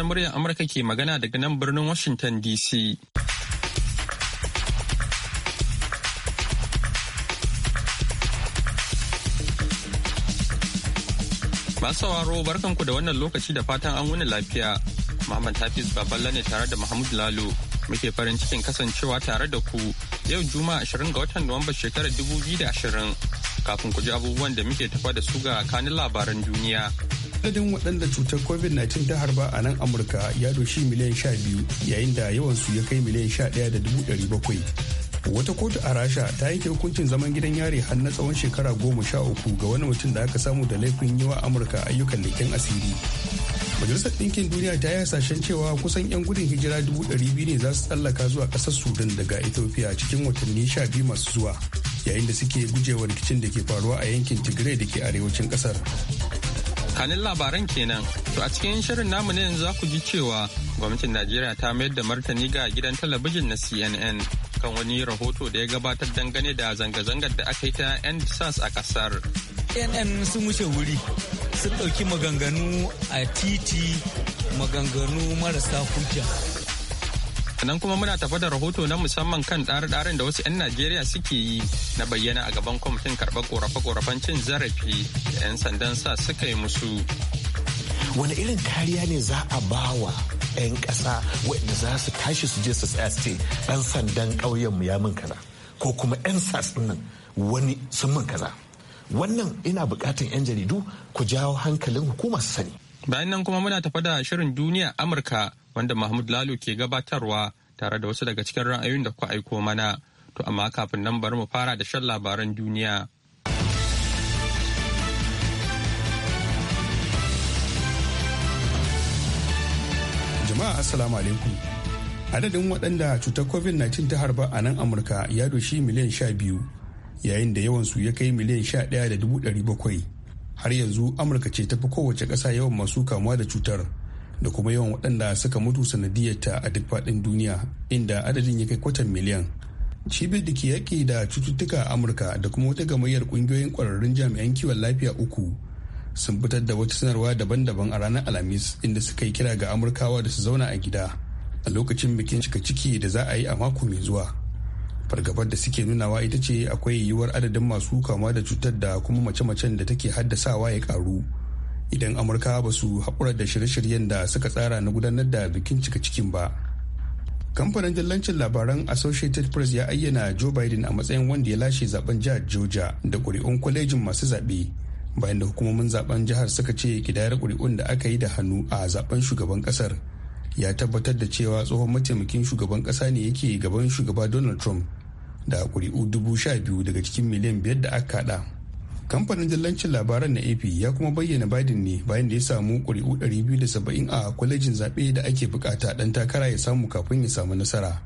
na muryar Amurka ke magana daga nan birnin Washington DC. Masu sauraro barkanku da wannan lokaci da fatan an wuni lafiya. Muhammad Hafiz Baballa ne tare da Mahmud Lalo. Muke farin cikin kasancewa tare da ku yau Juma'a 20 ga watan Nuwamba shekarar 2020. Kafin ku ji abubuwan da muke tafa da su ga kanin labaran duniya. adadin waɗanda cutar covid-19 ta harba a nan amurka ya doshi miliyan 12 yayin da yawan su ya kai miliyan 11,700 wata kotu a rasha ta yanke hukuncin zaman gidan yari har na tsawon shekara goma sha uku ga wani mutum da aka samu da laifin yi wa amurka ayyukan leken asiri majalisar ɗinkin duniya ta yi hasashen cewa kusan 'yan gudun hijira dubu ne za su tsallaka zuwa ƙasar sudan daga ethiopia cikin watanni 12 masu zuwa yayin da suke gujewa rikicin da ke faruwa a yankin tigray da ke arewacin ƙasar kanin labaran kenan to a cikin shirin namu ne yanzu za ku ji cewa gwamnatin najeriya ta mayar da martani ga gidan talabijin na cnn kan wani rahoto da ya gabatar dangane da zanga-zangar da aka yi ta yan sas a kasar cnn sun wuce wuri sun ɗauki maganganu a titi maganganu marasa hujja Sannan kuma muna tafa da rahoto na musamman kan ɗare-ɗaren da wasu 'yan Najeriya suke yi na bayyana a gaban kwamitin karɓar ƙorafe-ƙorafen cin zarafi da 'yan sandan sa suka yi musu. Wani irin kariya ne za a ba wa 'yan ƙasa waɗanda za su tashi su je su tsaya su ce ɗan sandan ƙauyenmu ya min kaza ko kuma 'yan sas nan wani sun min kaza. Wannan ina buƙatar 'yan jaridu ku jawo hankalin hukumar sani. Bayan nan kuma muna tafa da shirin duniya Amurka wanda Mahmud Lalo ke gabatarwa tare da wasu daga cikin ra'ayoyin da ku aiko mana. To amma kafin nan bari mu fara da shan labaran duniya. Jama'a Assalamu alaikum. Adadin waɗanda cutar COVID-19 ta harba a nan Amurka ya doshi miliyan sha biyu yayin da yawansu ya kai miliyan sha ɗaya da dubu ɗari bakwai. Har yanzu Amurka ce tafi kowace ƙasa yawan masu kamuwa da cutar. da kuma yawan waɗanda suka mutu sanadiyarta a duk faɗin duniya inda adadin ya kai kwatan miliyan cibiyar da ke yaƙi da cututtuka a amurka da kuma wata gamayyar ƙungiyoyin ƙwararrun jami'an kiwon lafiya uku sun fitar da wata sanarwa daban-daban a ranar alhamis inda suka yi kira ga amurkawa da su zauna a gida a lokacin bikin cika ciki da za a yi a mako mai zuwa fargabar da suke nunawa ita ce akwai yiwuwar adadin masu kama da cutar da kuma mace-macen da take haddasawa ya karu idan amurka ba su haƙura da shirye-shiryen da suka tsara na gudanar da bikin cika cikin ba kamfanin dillancin labaran associated press ya ayyana joe biden a matsayin wanda ya lashe zaben jihar georgia da ƙuri'un kwalejin masu zaɓe bayan da hukumomin zaben jihar suka ce kidayar ƙuri'un da aka yi da hannu a zaben shugaban ƙasar ya tabbatar da cewa tsohon mataimakin shugaban ƙasa ne yake gaban shugaba donald trump da ƙuri'u dubu sha biyu daga cikin miliyan biyar da aka kaɗa kamfanin dillancin labaran na ap ya kuma bayyana biden ne bayan da ya samu kuri'u 270 a kwalejin zaɓe da ake bukata dan takara ya samu kafin ya samu nasara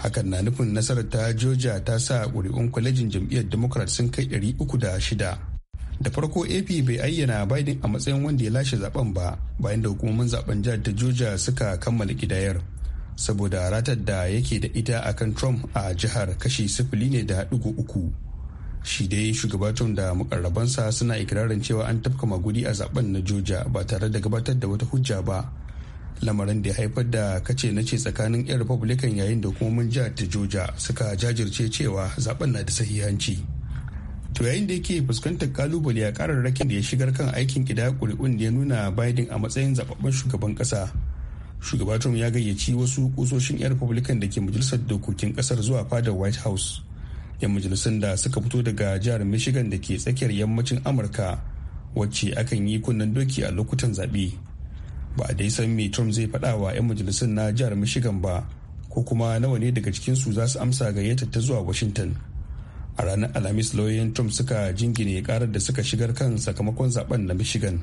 hakan na nufin nasarar ta georgia ta sa kuri'un kwalejin jam'iyyar democrat sun kai 306 da farko ap bai ayyana biden a matsayin wanda ya lashe zaben ba bayan da hukumomin zaben jihar ta georgia suka kammala kidayar saboda ratar da yake da ita akan trump a jihar kashi sifili ne da uku shi dai shugaba da mukarrabansa suna ikirarin cewa an tafka magudi a zaben na joja ba tare da gabatar da wata hujja ba lamarin da ya haifar da kace na ce tsakanin 'yan republican yayin da hukumomin jihar ta joja suka jajirce cewa zaben na da sahihanci to yayin da yake fuskantar kalubale a kararrakin da ya shigar kan aikin kida kuri'un da ya nuna biden a matsayin zababben shugaban kasa shugaba ya gayyaci wasu kusoshin 'yan republican da ke majalisar dokokin kasar zuwa fadar white house 'yan majalisun da suka fito daga jihar michigan da ke tsakiyar yammacin amurka wacce akan yi kunnen doki a lokutan zaɓe ba a dai san me trump zai faɗa wa 'yan majalisun na jihar michigan ba ko kuma nawa ne daga cikinsu za su amsa gayyata ta zuwa washington a ranar alhamis lauyoyin trump suka jingine karar da suka shigar kan sakamakon zaben na michigan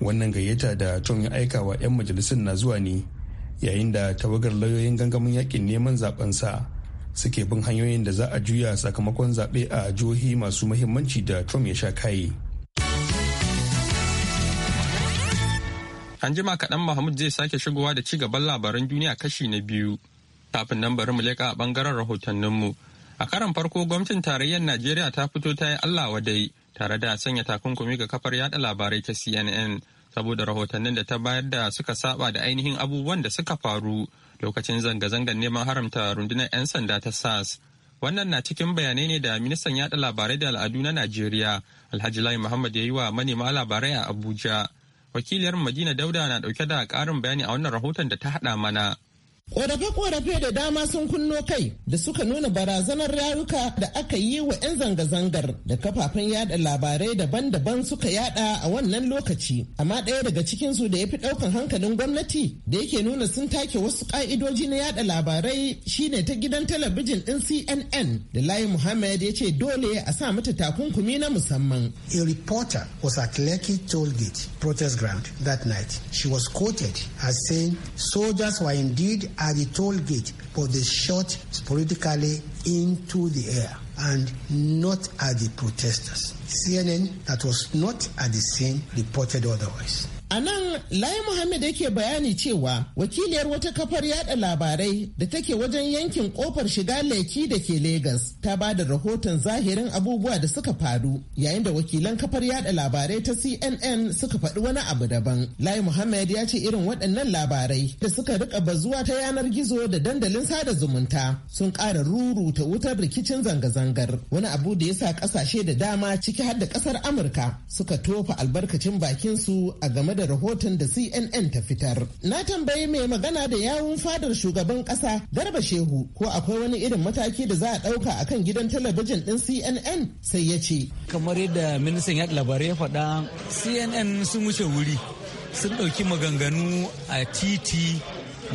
wannan gayyata da trump ya aika wa 'yan majalisun na zuwa ne yayin da tawagar lauyoyin gangamin yakin neman zaben sa suke bin hanyoyin da za a juya sakamakon zaɓe a jihohi masu muhimmanci da Trump ya sha kaye. An jima kaɗan Mahmud zai sake shigowa da ci gaban labaran duniya kashi na biyu. Kafin nan bari mu leƙa a ɓangaren rahotanninmu. A karan farko gwamnatin tarayyar Najeriya ta fito ta yi Allah wadai tare da sanya takunkumi ga kafar yaɗa labarai ta CNN saboda rahotannin da ta bayar da suka saba da ainihin abubuwan da suka faru lokacin zanga-zangar neman haramta rundunar 'yan sanda ta sas wannan na cikin bayanai ne da ministan yada labarai da al'adu na najeriya alhaji lai muhammad ya yi wa manema labarai a abuja wakiliyar madina dauda na dauke da karin bayani a wannan rahoton da ta haɗa mana Ƙorafe-ƙorafe da dama sun kunno kai da suka nuna barazanar rayuka da aka yi wa 'yan zanga-zangar da kafafen yada labarai daban-daban suka yada a wannan lokaci. Amma ɗaya daga cikinsu da ya fi ɗaukan hankalin gwamnati da yake nuna sun take wasu ƙa'idoji na yada labarai shine ta gidan talabijin ɗin CNN da Layi Muhammad ya ce dole a sa mata takunkumi na musamman. A reporter was at Lekki Tollgate protest ground that night. She was quoted as saying soldiers were indeed at the toll gate, but they shot politically into the air and not at the protesters. CNN, that was not at the scene, reported otherwise. A nan Lai Muhammad yake bayani cewa wakiliyar wata kafar yada labarai da take wajen yankin kofar shiga leki da ke Legas ta ba da rahoton zahirin abubuwa da suka faru yayin da wakilan kafar yada labarai ta CNN suka faɗi wani abu daban. Lai Muhammad ya ce irin waɗannan labarai da suka rika bazuwa ta yanar gizo da dandalin sada zumunta sun ƙara ruruta wutar rikicin zanga-zangar wani abu da ya sa ƙasashe da dama ciki har da ƙasar Amurka suka tofa albarkacin bakinsu a game da rahoton da CNN ta fitar. Na tambayi mai magana da yawun fadar shugaban kasa Garba Shehu ko akwai wani irin mataki da za a ɗauka kan gidan talabijin ɗin CNN sai ya ce. Kamar yadda ministan yaɗa labarai ya faɗa CNN sun wuce wuri sun ɗauki maganganu a titi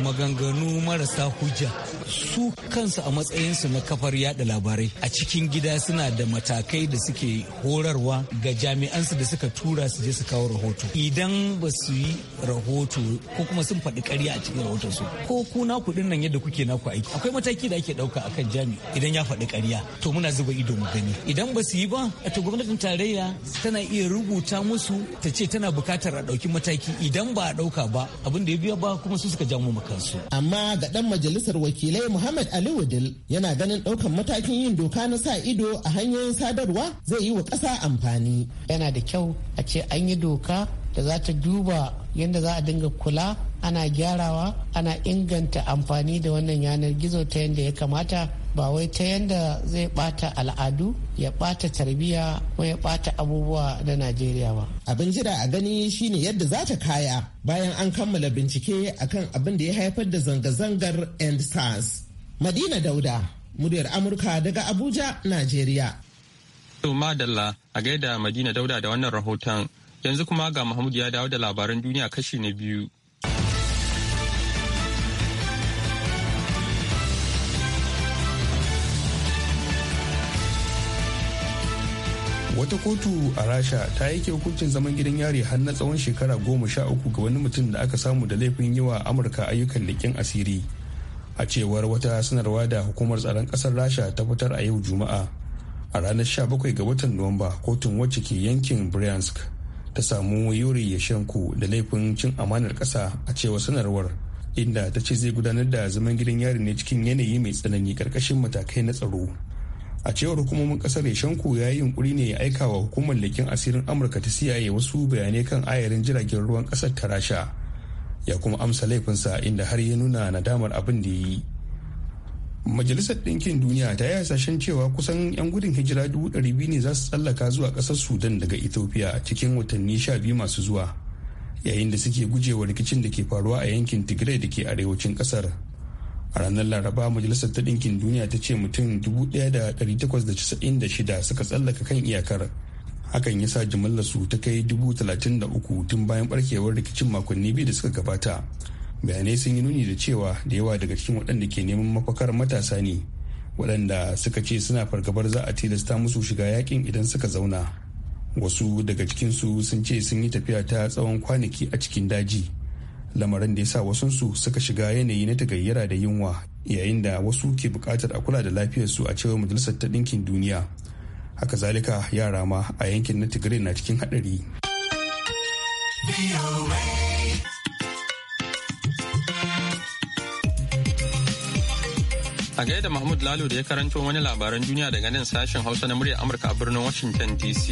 maganganu marasa hujja su kansu a matsayinsu na kafar yada labarai a cikin gida suna da matakai da suke horarwa ga jami'ansu da suka tura su je su kawo rahoto idan ba su yi rahoto ko kuma sun faɗi ƙarya a cikin rahoton ko ku na kuɗin nan yadda kuke naku aiki akwai mataki da ake ɗauka a kan jami idan ya faɗi ƙarya to muna zuba ido mu gani idan ba su yi ba to gwamnatin tarayya tana iya rubuta musu ta ce tana buƙatar a ɗauki mataki idan ba a ɗauka ba abin da ya biya ba kuma su suka jamu kansu amma ga ɗan majalisar wakilai muhammad ali wadil yana ganin daukan matakin yin doka na sa ido a hanyoyin sadarwa zai yi wa ƙasa amfani yana da kyau a ce an yi doka da za ta duba yadda za a dinga kula ana gyarawa ana inganta amfani da wannan yanar gizo ta yadda ya kamata ba wai ta yadda zai bata al'adu ya bata tarbiyya ko ya bata abubuwa na najeriya ba abin jira a gani shine yadda za ta kaya bayan an kammala bincike akan abin da ya haifar da zanga-zangar end stars madina dauda muryar amurka daga abuja najeriya madalla a gaida madina dauda da wannan rahoton Yanzu kuma ga Mahmud ya dawo da labaran duniya kashi na biyu. wata kotu a rasha ta yi hukuncin zaman gidan yari har na tsawon shekara goma sha uku ga wani mutum da aka samu da laifin yi wa amurka ayyukan leƙen asiri a cewar wata sanarwa da hukumar tsaron ƙasar rasha ta fitar a yau juma'a a ranar 17 ga watan nuwamba kotun wacce ke yankin bryansk ta samu yuri yashanku da laifin cin amanar ƙasa a cewa sanarwar inda ta ce zai gudanar da zaman gidan yari ne cikin yanayi mai tsanani ƙarƙashin matakai na tsaro a cewar hukumomin ƙasar yashenko ya yi yunkuri ne ya aika wa hukumar lekin asirin amurka ta ya wasu bayanai kan ayarin jiragen ruwan ƙasar ta rasha ya kuma amsa laifinsa inda har ya nuna nadamar abin da ya yi majalisar ɗinkin duniya ta yi hasashen cewa kusan 'yan gudun hijira dubu ne za su tsallaka zuwa ƙasar sudan daga ethiopia cikin watanni 12 masu zuwa yayin da suke gujewa rikicin da ke faruwa a yankin tigray da ke arewacin ƙasar a ranar laraba majalisar ta ɗinkin duniya ta ce mutum 1896 suka tsallaka kan iyakar hakan ya sa jimillarsu ta kai dubu tun bayan barkewar rikicin makonni biyu da suka gabata bayanai sun yi nuni da cewa da yawa daga cikin waɗanda ke neman mafakar matasa ne waɗanda suka ce suna fargabar za a tilasta musu shiga yakin idan suka zauna wasu daga cikinsu sun ce sun yi tafiya ta tsawon kwanaki a cikin daji lamarin da ya sa wasunsu suka shiga yanayi na tagayyara da yunwa yayin da wasu ke buƙatar a kula da lafiyarsu a cewar majalisar ta ɗinkin duniya haka zalika yara ma a yankin na tigray na cikin haɗari. A da Mahmud Lalo da ya karanto wani labaran duniya daga nan sashen Hausa na muryar Amurka a birnin Washington DC.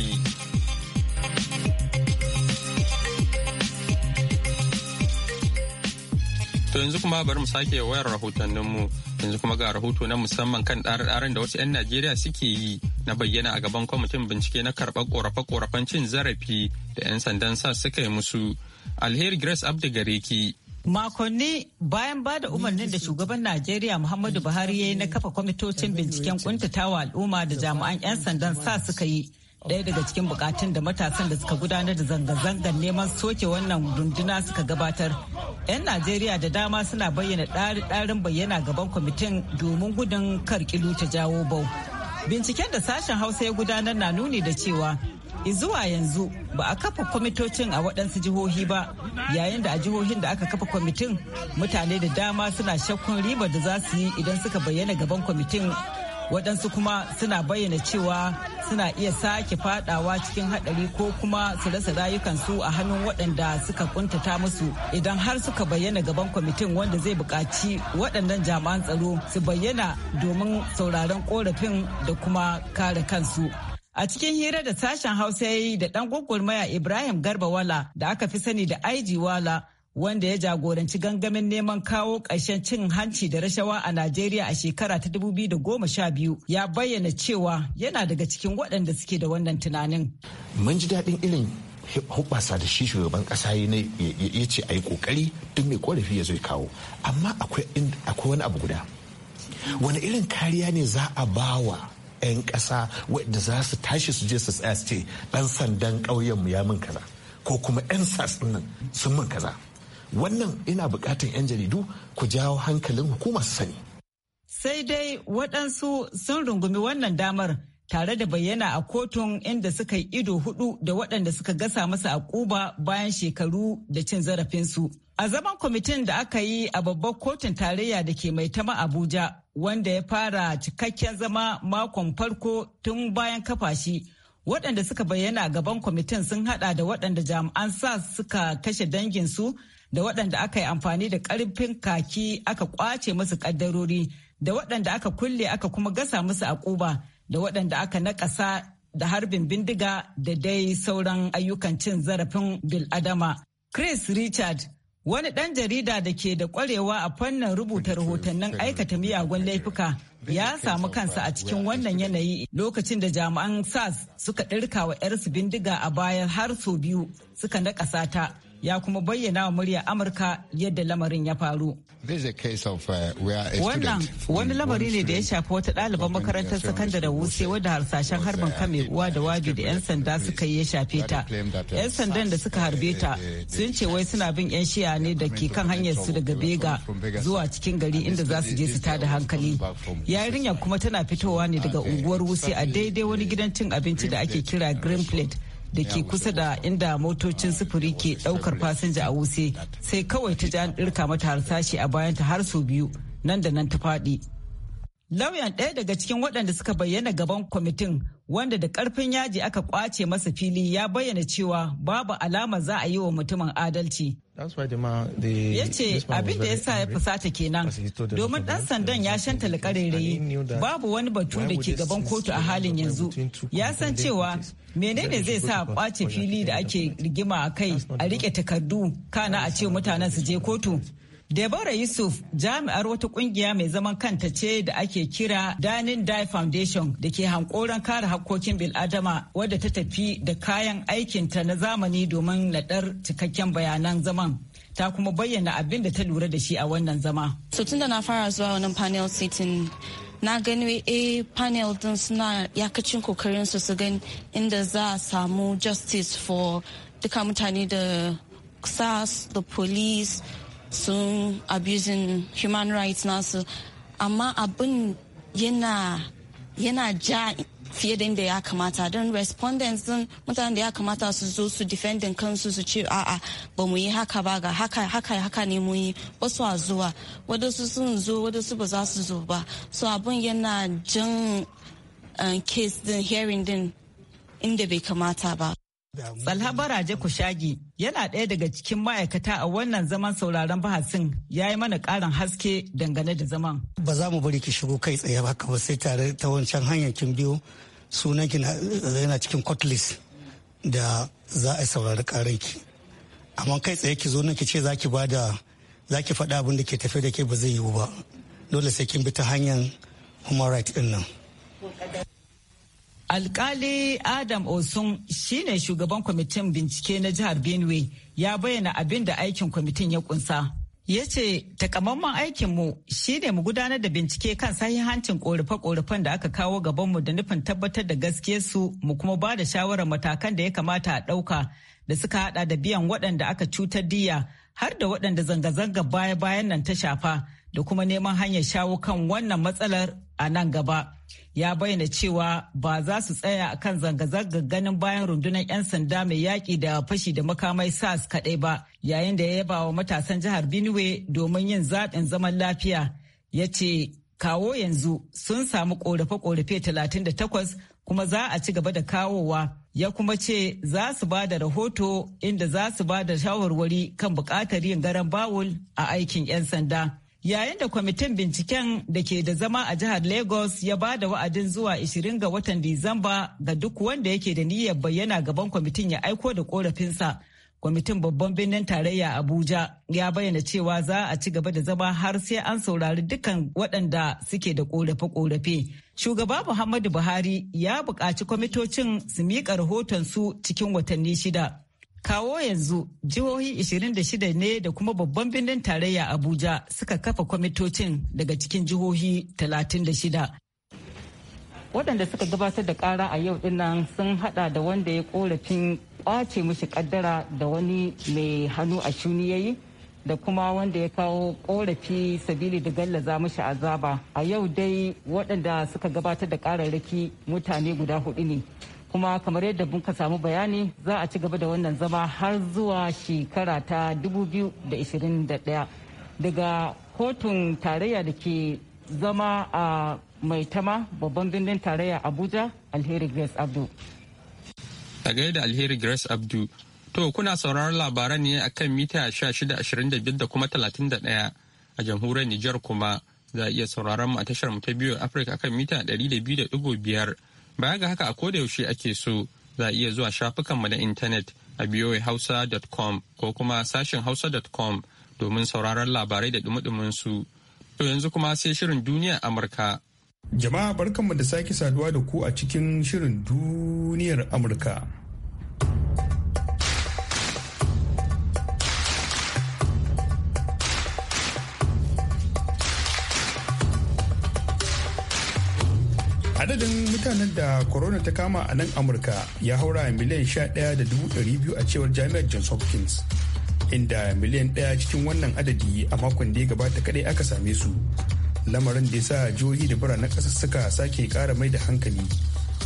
To yanzu kuma bari mu sake wayar rahotanninmu yanzu kuma ga rahoto na musamman kan ɗarar da wasu 'yan Najeriya suke yi na bayyana a gaban kwamitin bincike na karɓar ƙorafe-ƙorafen cin zarafi da 'yan sandan sa suka yi musu. Alheri Grace Abdigareki Makonni bayan ba da umarnin da shugaban Najeriya Muhammadu Buhari ya yi na kafa kwamitocin binciken kuntatawa al'umma da jami'an 'yan sandan sa suka yi. Ɗaya daga cikin bukatun da matasan da suka gudanar da zanga-zangar neman soke wannan runduna suka gabatar. 'Yan Najeriya da dama suna bayyana ɗari-ɗarin bayyana gaban kwamitin domin gudun kar ta jawo bau. Binciken da sashen Hausa ya gudanar na nuni da cewa zuwa yanzu ba a kafa kwamitocin a waɗansu jihohi ba yayin da a jihohin da aka kafa kwamitin mutane da dama suna shakkun ribar da za su yi idan suka bayyana gaban kwamitin waɗansu kuma suna bayyana cewa suna iya sake fadawa cikin haɗari ko kuma su rasa rayukansu a hannun waɗanda suka kuntata musu idan har suka bayyana gaban kwamitin wanda zai buƙaci waɗannan jami'an tsaro su bayyana domin sauraron korafin da kuma kare kansu A cikin hira da sashen Hausa ya da ɗan gwagwarmaya Ibrahim Garba Wala da aka fi sani da IG Wala wanda ya jagoranci gangamin neman kawo ƙarshen cin hanci da rashawa a Najeriya a shekara ta da goma sha biyu, ya bayyana cewa yana daga cikin waɗanda suke da wannan tunanin. Mun ji daɗin irin hubasa da shi shugaban ƙasa ya ce a yi ƙoƙari duk mai ƙorafi ya zo kawo amma akwai wani abu guda wani irin kariya ne za a bawa 'yan ƙasa wadda za su tashi su je su tsaya su ce ɗan sandan ƙauyenmu ya min kaza ko kuma 'yan sas nan sun min kaza wannan ina buƙatar 'yan jaridu ku jawo hankalin hukumar sani sai dai waɗansu sun rungumi wannan damar tare da bayyana a kotun inda suka yi ido hudu da waɗanda suka gasa masa a ƙuba bayan shekaru da cin zarafinsu. A zaman kwamitin da aka yi a babbar kotun tarayya da ke mai tama Abuja wanda ya fara cikakken zama makon farko tun bayan kafa shi. Waɗanda suka bayyana gaban kwamitin sun haɗa da waɗanda jami'an sa suka kashe danginsu da waɗanda aka yi amfani da ƙarfin kaki aka ƙwace musu ƙaddarori da waɗanda aka kulle aka kuma gasa musu a ƙuba. da waɗanda aka naƙasa da harbin bindiga da dai sauran ayyukan cin zarafin biladama. Chris Richard wani ɗan jarida da ke da ƙwarewa a fannin rubuta rahotannin aikata miyagun laifuka ya samu kansa a cikin wannan yanayi lokacin da jami'an sas suka ɗirka wa 'yarsu bindiga a bayan har sau biyu suka nakasa ta. ya kuma bayyana wa murya Amurka yadda lamarin ya faru. Uh, Wannan wani lamari ne da ya shafi wata ɗaliban makarantar sakandare wuse uh, wadda harsashen harbin uh, kame uwa da wabi da 'yan sanda suka yi ya shafe ta. 'Yan sandan da suka harbe ta sun ce wai suna bin 'yan shiya ne da ke kan hanyar su daga Bega zuwa cikin gari inda za su je su tada hankali. Yarinyar kuma tana fitowa ne daga unguwar wuse a daidai wani gidan cin abinci da ake kira Green Plate. da ke kusa da inda motocin sufuri ke daukar fasinja a wuse sai kawai ta jan dirka mata harsashi a bayanta har sau biyu nan da nan ta faɗi. Lauyan ɗaya daga cikin waɗanda suka bayyana gaban kwamitin wanda da karfin yaji aka kwace masa fili ya bayyana cewa babu alama za a yi wa mutumin adalci. Ya ce abin da ya sa ya fusata kenan domin ɗan sandan ya shantala ƙarairayi babu wani batu da ke gaban kotu a halin yanzu. Ya san cewa menene zai sa a kwace fili da ake rigima a kai a rike takardu kana a ce mutanen su je kotu. Deborah Yusuf jami'ar wata kungiya mai zaman kanta ce da ake kira Danin Die Foundation da ke hankoron kare hakkokin bil'adama wadda ta tafi da kayan aikinta na zamani domin naɗar cikakken bayanan zaman. ta kuma bayyana abin da ta lura da shi a wannan zama. So tun da na fara zuwa wannan panel sitting na gani a eh, panel din suna yakacin kokarin su su gani inda za a samu justice for duka mutane da sas the police sun abusing human rights nasu amma abin yana yana ja fiye da inda ya kamata don respondents din mutanen da ya kamata su zo su defending kansu su ce a'a ba mu yi haka ba ga haka haka haka ne mu yi wasu a zuwa wadansu sun zo wadansu ba za su zo ba so abun yana jan eh, case din hearing din inda bai kamata ba Salha Baraje Kushagi yana ɗaya daga cikin ma'aikata a wannan zaman sauraron bahasin ya yi mana ƙarin haske dangane da zaman. Ba za mu bari ki shigo kai tsaye ba kamar sai tare ta wancan hanyar kin biyo sunan ki yana cikin cutlass da za a saurari ƙarin ki. Amma kai tsaye ki zo na ki ce za ki bada za ki faɗa abin da ke tafe da ke ba zai yiwu ba. Dole sai kin bi ta hanyar human right ɗin nan. Alkali Adam Osun shine shugaban kwamitin bincike na jihar Benue ya bayyana abin da aikin kwamitin ya kunsa. Ya ce takamaiman aikinmu shine mu gudanar da bincike kan hancin korafe-korafen da aka kawo gabanmu da nufin tabbatar da su mu kuma ba da shawarar matakan da ya kamata a ɗauka da suka hada da biyan waɗanda aka cutar diya har da waɗanda zanga-zanga baya-bayan nan ta shafa. da kuma neman hanyar shawo kan wannan matsalar a nan gaba. Ya bayyana cewa ba za su tsaya a kan zanga-zangar ganin bayan rundunar 'yan sanda mai yaƙi da fashi da makamai sas kaɗai ba, yayin da ya yaba wa matasan jihar Benue domin yin zaɓin zaman lafiya. Ya ce, kawo yanzu sun samu ƙorafe-ƙorafe 38 kuma za a ci gaba da kawowa. ya kuma ce za su ba da rahoto inda za su ba da shawarwari kan bukatar yin garan bawul a aikin 'yan sanda. yayin da kwamitin binciken da ke da zama a jihar lagos ya ba da wa'adin zuwa 20 ga watan disamba ga duk wanda yake da niyyar bayyana gaban kwamitin ya aiko da korafinsa kwamitin babban birnin tarayya abuja ya bayyana cewa za a ci gaba da zama har sai an saurari dukkan waɗanda suke da korafe-korafe shugaba muhammadu buhari ya buƙaci kwamitocin su miƙa rahoton su cikin watanni shida Kawo yanzu jihohi 26 ne da kuma babban birnin tarayya Abuja suka kafa kwamitocin daga cikin jihohi 36. Waɗanda suka gabatar da ƙara a yau dinnan sun hada da wanda ya korafin ƙwace mishi kaddara da wani mai hannu a shuni yayi da kuma wanda ya kawo korafi sabili da gallaza mishi azaba. A yau dai waɗanda suka gabatar da ƙararraki mutane guda hudu ne. kuma kamar yadda mun ka samu bayani za a ci gaba da wannan zama har zuwa shekara ta 2021 daga kotun tarayya da ke zama a maitama babban birnin tarayya abuja alheri grace abdu a gaida alheri grace abdu to kuna sauraron labaran ne akan mita 1625 da kuma 31 a jamhuriyar nijar kuma za a iya sauraron mu a tashar mu ta biyu afirka akan mita 200.5 Baya ga haka a koda yaushe ake so za a iya zuwa shafukanmu na intanet a Hausa.com ko kuma sashen hausa.com domin sauraron labarai da dumudumin su. To yanzu kuma sai shirin duniya Amurka. Jama'a barkanmu da sake saduwa da ku a cikin shirin duniyar Amurka. adadin mutanen da corona ta kama a nan amurka ya haura miliyan sha da dubu biyu a cewar jami'ar johns hopkins inda miliyan ɗaya cikin wannan adadi a makon da ya gabata kadai aka same su lamarin da ya sa jihohi da biranen ƙasar suka sake kara mai da hankali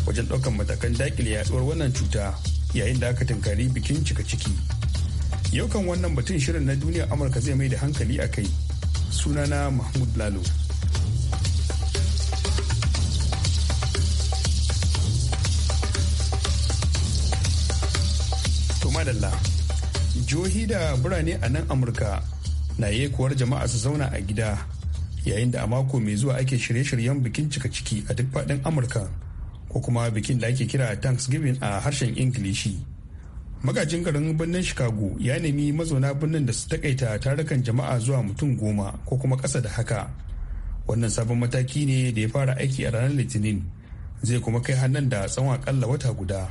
wajen ɗaukar matakan dakile yaduwar wannan cuta yayin da aka tunkari bikin cika ciki yau kan wannan batun shirin na duniya amurka zai mai da hankali a kai sunana mahmud lalo madalla jihohi da birane a nan amurka na kuwar jama'a su zauna a gida yayin da a mako mai zuwa ake shirye-shiryen bikin cika ciki a duk faɗin amurka ko kuma bikin da ake kira thanksgiving a harshen ingilishi magajin garin birnin chicago ya nemi mazauna birnin da su takaita tarukan jama'a zuwa mutum goma ko kuma ƙasa da haka wannan sabon mataki ne da ya fara aiki a ranar litinin zai kuma kai hannun da tsawon akalla wata guda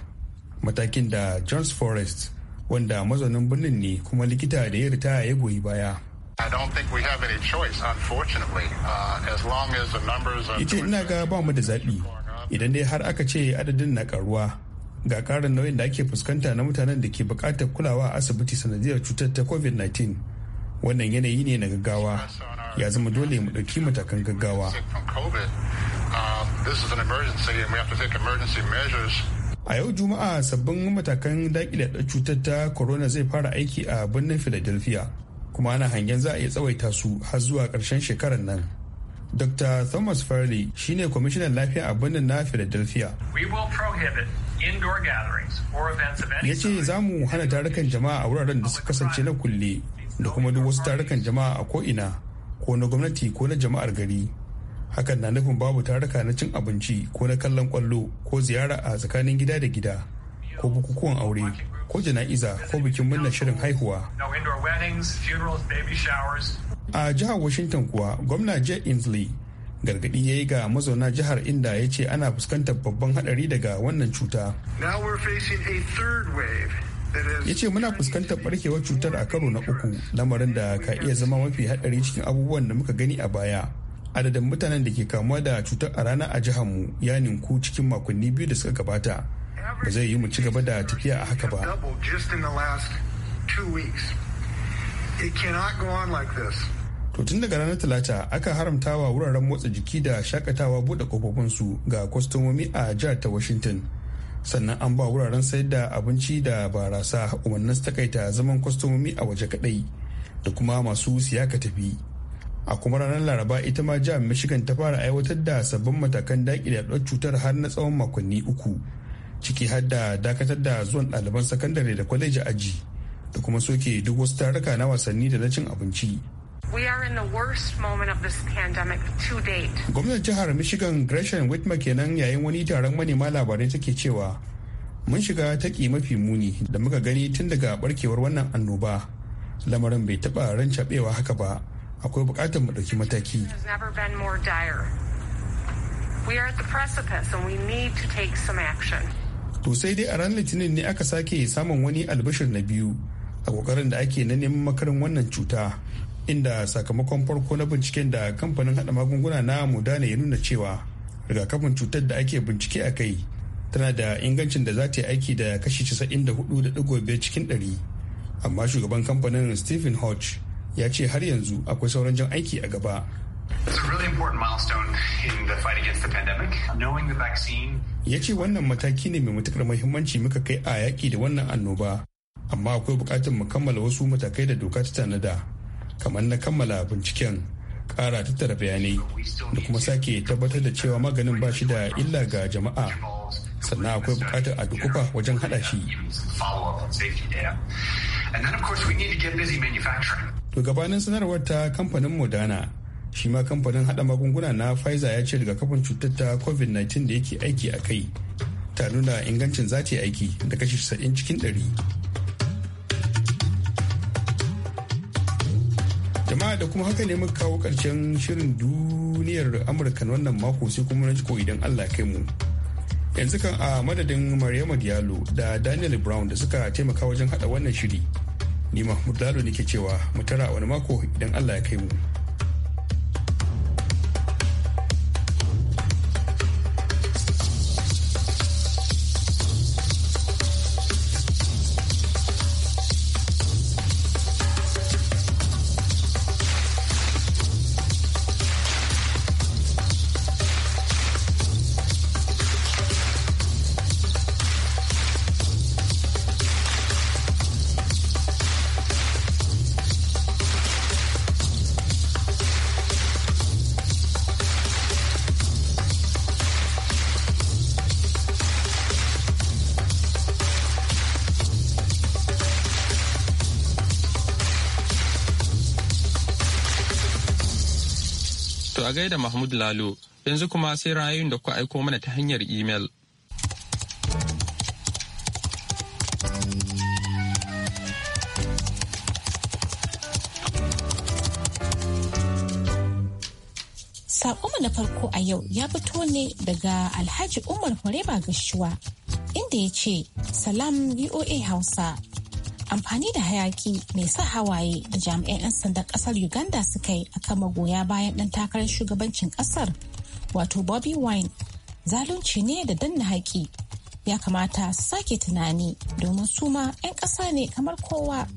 matakin da johns forest wanda mazaunin birnin ne kuma likita da ya ritaya ya goyi baya uh, yace ina ga ba mu da zaɓi idan dai har aka ce adadin na karuwa ga ƙarin nauyin da ake fuskanta na mutanen da ke buƙatar kulawa a asibiti sanadiyar cutar ta covid-19 wannan yanayi ne na gaggawa ya zama dole mu ɗauki matakan gaggawa. Uh, this is an emergency a yau juma'a sabbin matakan dakile daƙile cutar ta corona zai fara aiki a birnin philadelphia kuma ana hangen za a iya tsawaita su har zuwa ƙarshen shekarar nan dr thomas farley shine kwamishinan lafiya a birnin na philadelphia ya ce za mu hana tarukan jama'a a wuraren da suka kasance na kulle da kuma duk wasu tarukan jama'a a ko'ina ko na gwamnati ko na jama'ar gari hakan na nufin babu taruka na cin abinci ko na kallon kwallo ko ziyara a tsakanin gida da gida ko bukukuwan aure ko jana'iza ko bikin murnar shirin haihuwa a jihar washington kuwa gwamna jay inslee gargadi ya yi ga mazauna jihar inda ya ce ana fuskantar babban hadari daga wannan cuta ya ce muna fuskantar barkewar cutar a karo na uku lamarin da ka iya zama mafi hadari cikin abubuwan da muka gani a baya adadin mutanen da ke kamuwa da cutar a rana a jihar mu ya ninku cikin makonni biyu da suka gabata ba zai yi mu ci gaba da tafiya a haka ba to tun daga ranar talata aka haramtawa wuraren motsa jiki da shakatawa buɗe kofofinsu ga kwastomomi a jihar ta washington sannan an ba wuraren sayar da abinci da barasa umarnin su takaita zaman kwastomomi a waje kadai da kuma masu siya ka tafi a kuma ranar laraba ita ma jihar michigan ta fara aiwatar da sabbin matakan daƙi da cutar har na tsawon makonni uku ciki har da dakatar da zuwan ɗaliban sakandare da kwaleji aji da kuma soke duk wasu taruka na wasanni da na cin abinci gwamnan jihar michigan gresham whitmer kenan yayin wani taron manema labarai take cewa mun shiga taƙi mafi muni da muka gani tun daga barkewar wannan annoba lamarin bai taɓa rancaɓewa haka ba akwai bukatar mu ɗauki mataki. To sai dai a ranar Litinin ne aka sake samun wani albashir na biyu a kokarin da ake na neman makarin wannan cuta inda sakamakon farko na binciken da kamfanin hada magunguna na Moderna ya nuna cewa rigakafin cutar da ake bincike a kai tana da ingancin da za ta yi aiki da kashi 94.5 cikin 100 amma shugaban kamfanin stephen hodge ya ce har yanzu akwai sauran jan aiki a gaba ya ce wannan mataki ne mai matukar mahimmanci muka kai a yaƙi da wannan annoba amma akwai buƙatar mu kammala wasu matakai da doka ta tanada kamar na kammala binciken ƙara tattara bayanai da kuma sake tabbatar da cewa maganin ba shi da illa ga jama'a sannan akwai buƙatar a dukufa wajen haɗa shi. to gabanin sanarwar ta kamfanin modana shi ma kamfanin hada magunguna na pfizer ya ce daga rigakafin cutar ta covid-19 da yake aiki a kai ta nuna ingancin za ta yi aiki da kashi 70 cikin 100 jama'a da kuma haka ne muka kawo karshen shirin duniyar amurka na wannan mako sai kuma na jiko idan allah kai mu yanzu kan a madadin maryama diallo da daniel brown da suka taimaka wajen hada wannan shiri ni mahmud lalo nake cewa mu tara wani mako idan allah ya kai mu a gaida Mahmud Lalo yanzu kuma sai rayun da ku aiko mana ta hanyar imel. Saƙoma na farko a yau ya fito ne daga Alhaji Umar Horeba Gashuwa inda ya ce, Salam VOA Hausa. amfani da hayaki mai sa hawaye da jami'an 'yan sandan kasar uganda suka yi a akan magoya bayan dan takarar shugabancin kasar wato bobby wine zalunci ne da danna haƙi ya kamata su sake tunani domin su ma 'yan ƙasa ne kamar kowa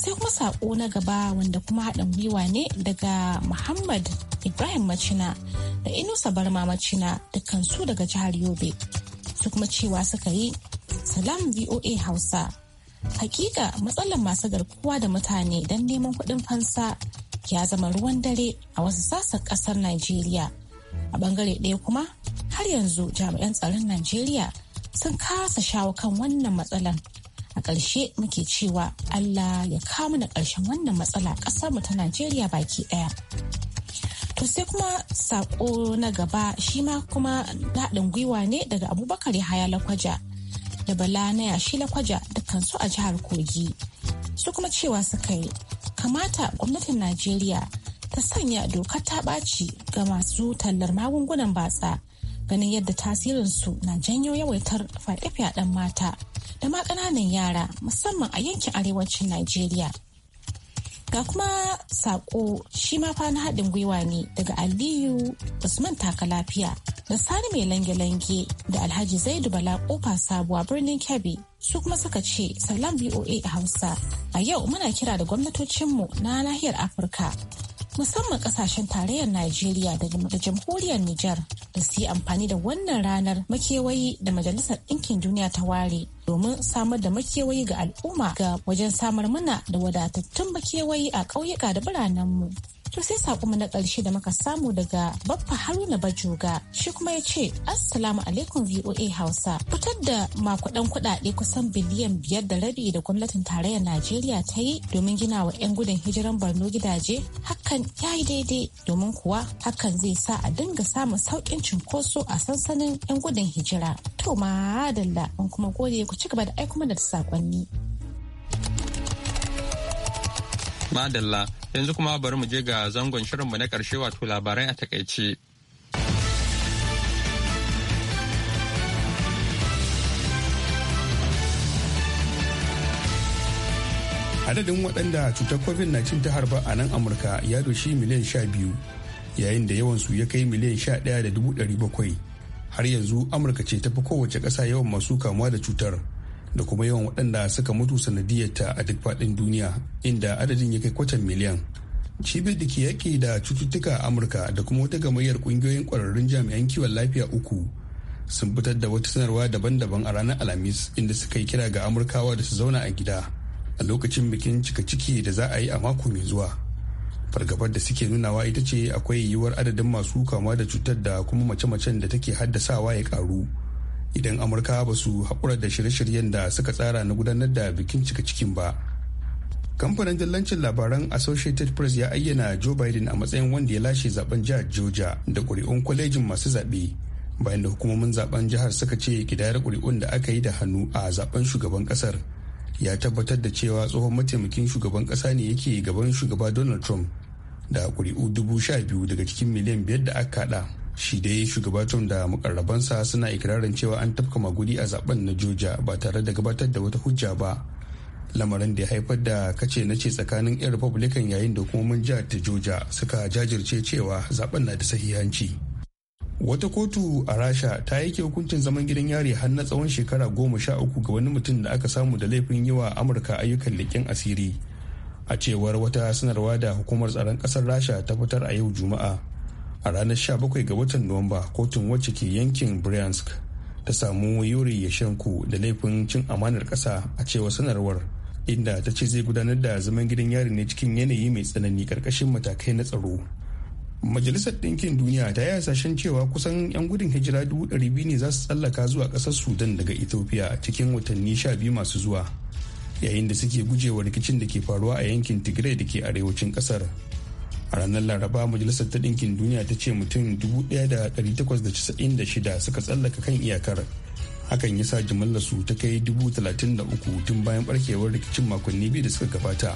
sai kuma saƙo na gaba wanda kuma haɗin gwiwa ne daga muhammad ibrahim macina da inusa barma macina dukkansu daga jihar yobe su kuma cewa suka yi salam voa hausa Hakika matsalar masu garkuwa da mutane don neman kuɗin fansa ya zama ruwan dare a wasu sassan ƙasar Najeriya. A ɓangare ɗaya kuma har yanzu jami'an tsaron Najeriya sun kasa shawo kan wannan matsalar. A ƙarshe muke cewa Allah ya kamu da ƙarshen wannan matsala ƙasar mu ta Najeriya baki ɗaya. To sai kuma sako na gaba shi ma kuma haɗin gwiwa ne daga abubakar Yahaya lakwaja da bala na yashi lakwaja dukansu a jihar kogi su kuma cewa suka yi kamata gwamnatin najeriya ta sanya dokar ta ɓaci ga masu tallar magungunan batsa ganin yadda tasirinsu na janyo yawaitar fyaɗe-fyaɗen mata da ma ƙananan yara musamman a yankin arewacin najeriya Ga kuma sako shi ma fa na haɗin gwiwa ne daga Aliyu Usman Taka Lafiya da Sani Mai Lange-Lange da Alhaji Zaidu Bala Kofa Sabuwa birnin Kebbi su kuma suka ce salam voa hausa a yau muna kira da gwamnatocinmu na nahiyar afirka musamman kasashen tarayyar Najeriya da jamhuriyar Nijar da su yi amfani da wannan ranar makewayi da Majalisar Ɗinkin Duniya ta ware domin samar da makewayi ga al'umma ga wajen samar mana da wadatattun makewayi a ƙauyuka da biranenmu. To sai sakonmu na ƙarshe da muka samu daga Baffa Haruna Bajoga shi kuma ya ce Assalamu alaikum VOA Hausa. Fitar da makudan kuɗaɗe kusan biliyan biyar da rabi da gwamnatin tarayyar Najeriya ta yi domin gina wa 'yan gudun hijiran Borno gidaje hakan ya yi daidai domin kuwa hakan zai sa a dinga samun sauƙin cunkoso a sansanin 'yan gudun hijira. To ma dalla kuma gode ku ci gaba da aiko mana da saƙonni. Madalla yanzu kuma bari mu je ga zangon shirin shirinmu na karshe wato labarai a takaice. Adadin waɗanda cutar COVID-19 ta harba a nan Amurka ya doshi miliyan sha biyu yayin da yawansu ya kai miliyan sha ɗaya da dubu ɗari bakwai. Har yanzu Amurka ce ta fi kowace ƙasa yawan masu kamuwa da cutar. da kuma yawan waɗanda suka mutu sanadiyarta a duk faɗin duniya inda adadin ya kai kwatan miliyan cibiyar da ke yaƙi da cututtuka a amurka da kuma wata gamayyar ƙungiyoyin ƙwararrun jami'an kiwon lafiya uku sun fitar da wata sanarwa daban-daban a ranar alhamis inda suka yi kira ga amurkawa da su zauna a gida a lokacin bikin cika ciki da za a yi a mako mai zuwa fargabar da suke nunawa ita ce akwai yiwuwar adadin masu kama da cutar da kuma mace-macen da take haddasawa ya karu idan amurka ba su haƙura da shirye-shiryen da suka tsara na gudanar da bikin cika cikin ba kamfanin dillancin labaran associated press ya ayyana joe biden a matsayin wanda ya lashe zaben jihar georgia da ƙuri'un kwalejin masu zaɓe bayan da hukumomin zaben jihar suka ce kidayar ƙuri'un da aka yi da hannu a zaben shugaban ƙasar ya tabbatar da cewa tsohon mataimakin shugaban ƙasa ne yake gaban shugaba donald trump da ƙuri'u dubu sha biyu daga cikin miliyan biyar da aka kaɗa shi dai shugaba trump da mukarrabansa suna ikirarin cewa an tafka magudi a zaben na Joja ba tare da gabatar da wata hujja ba lamarin da ya haifar da kace na ce tsakanin 'yan republican yayin da hukumomin jihar ta Joja suka jajirce cewa zaben na da sahihanci wata kotu a rasha ta yake hukuncin zaman gidan yari har na tsawon shekara goma sha uku ga wani mutum da aka samu da laifin yi wa amurka ayyukan leƙen asiri a cewar wata sanarwa da hukumar tsaron ƙasar rasha ta fitar a yau juma'a a ranar 17 ga watan nuwamba kotun wacce ke yankin bryansk ta samu yuri yashenko da laifin cin amanar ƙasa a cewa sanarwar inda ta ce zai gudanar da zaman gidan yari ne cikin yanayi mai tsanani karkashin matakai na tsaro majalisar ɗinkin duniya ta yi hasashen cewa kusan 'yan gudun hijira biyu ne za su tsallaka zuwa ƙasar sudan daga ethiopia cikin watanni 12 masu zuwa yayin da suke gujewa rikicin da ke faruwa a yankin tigray da ke arewacin ƙasar a ranar laraba majalisar ta ɗinkin duniya ta ce mutum 1,896 suka tsallaka kan iyakar hakan ya sa jimillar su ta kai 33 tun bayan barkewar rikicin makonni biyu da suka gabata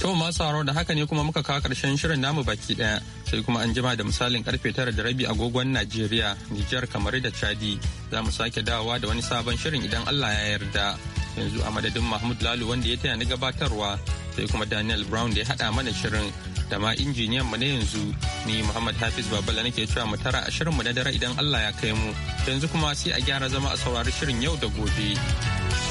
To masu haro da haka ne kuma muka kawo karshen shirin namu baki daya sai kuma an jima da misalin karfe tara da rabi agogon Najeriya, Nijar, kamar da Chadi za mu sake dawowa da wani sabon shirin idan Allah ya yarda. Yanzu a madadin Mahmud Lalu wanda ya taya ni gabatarwa sai kuma Daniel Brown da ya hada mana shirin da ma injiniyan mu na yanzu ni Muhammad Hafiz Babala nake cewa mu tara a shirin mu na dare idan Allah ya kai mu yanzu kuma sai a gyara zama a saurari shirin yau da gobe.